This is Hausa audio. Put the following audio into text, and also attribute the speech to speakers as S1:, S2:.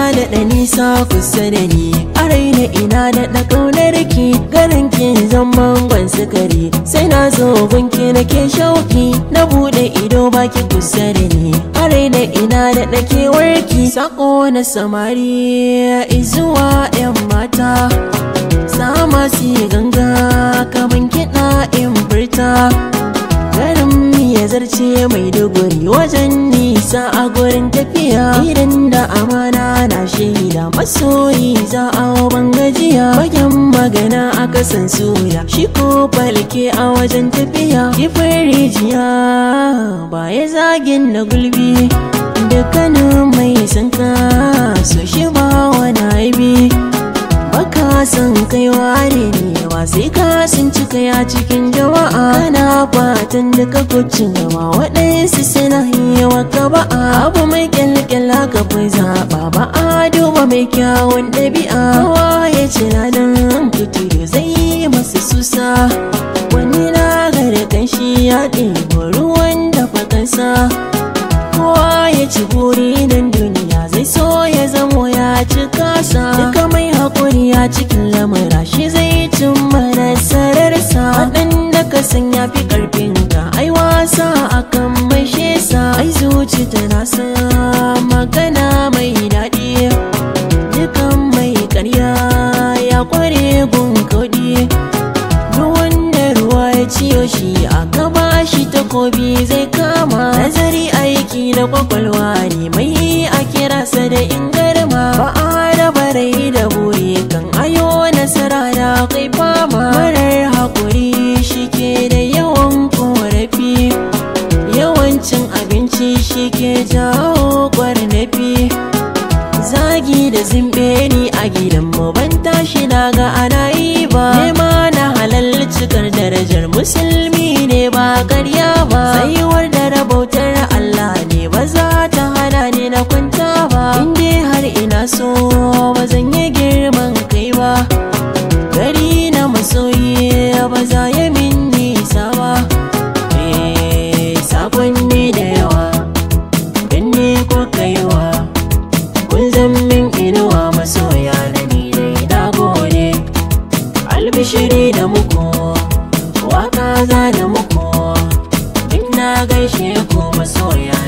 S1: da daɗa nisa kusa da ni a raina ina daɗa ƙaunar ki garin ki zaman gwan sukari sai na zo gunki na ke shauki na buɗe ido baki kusa da ni a raina ina daɗa kewar ki sako na samari izuwa 'yan mata sama si ganga kaman kiɗa in furta guri wajen nisa a gurin tafiya idan da amana na shaida masoyi za a ban gajiya bayan magana a kasan suya shi ko falke a wajen tafiya kifin rijiya ba ya zagin na gulbi na san kai ware ne wa sai ka sun cika ya cikin jama'a na fatan da ka kuci gaba waɗansu suna yawa ka ba abu mai kyalkyala ka fi zaɓa ba a duba mai kyawun ɗabi'a wa ya ce ranar da zai masu susa wani na gare kan shi ya ɗebo ruwan da fakansa sa duka mai haƙuri a cikin lamura shi zai cin mana sa. waɗanda ka san ya fi ƙarfin ka ai wasa sa. mai sa ai zuci ta sa magana mai daɗi dukan mai ƙarya ya ƙware gun kaɗi ruwan da ruwa ya ciyo shi a gaba shi takobi zai kama nazari aiki na ƙwaƙwalwa ne mai a kirasa da inga ke jawo fi zagi da zimbe ni a gidanmu ban tashi daga ana yi ba nema na halal cikar darajar musulmi ne ba karya ba tsayuwar da rabautar Allah ne ba za ta hana ni na kwanta ba inda har ina so ba zan yi girman kai ba gari na masoyi Wa muku waka za da muku duk na gaishe ku masoya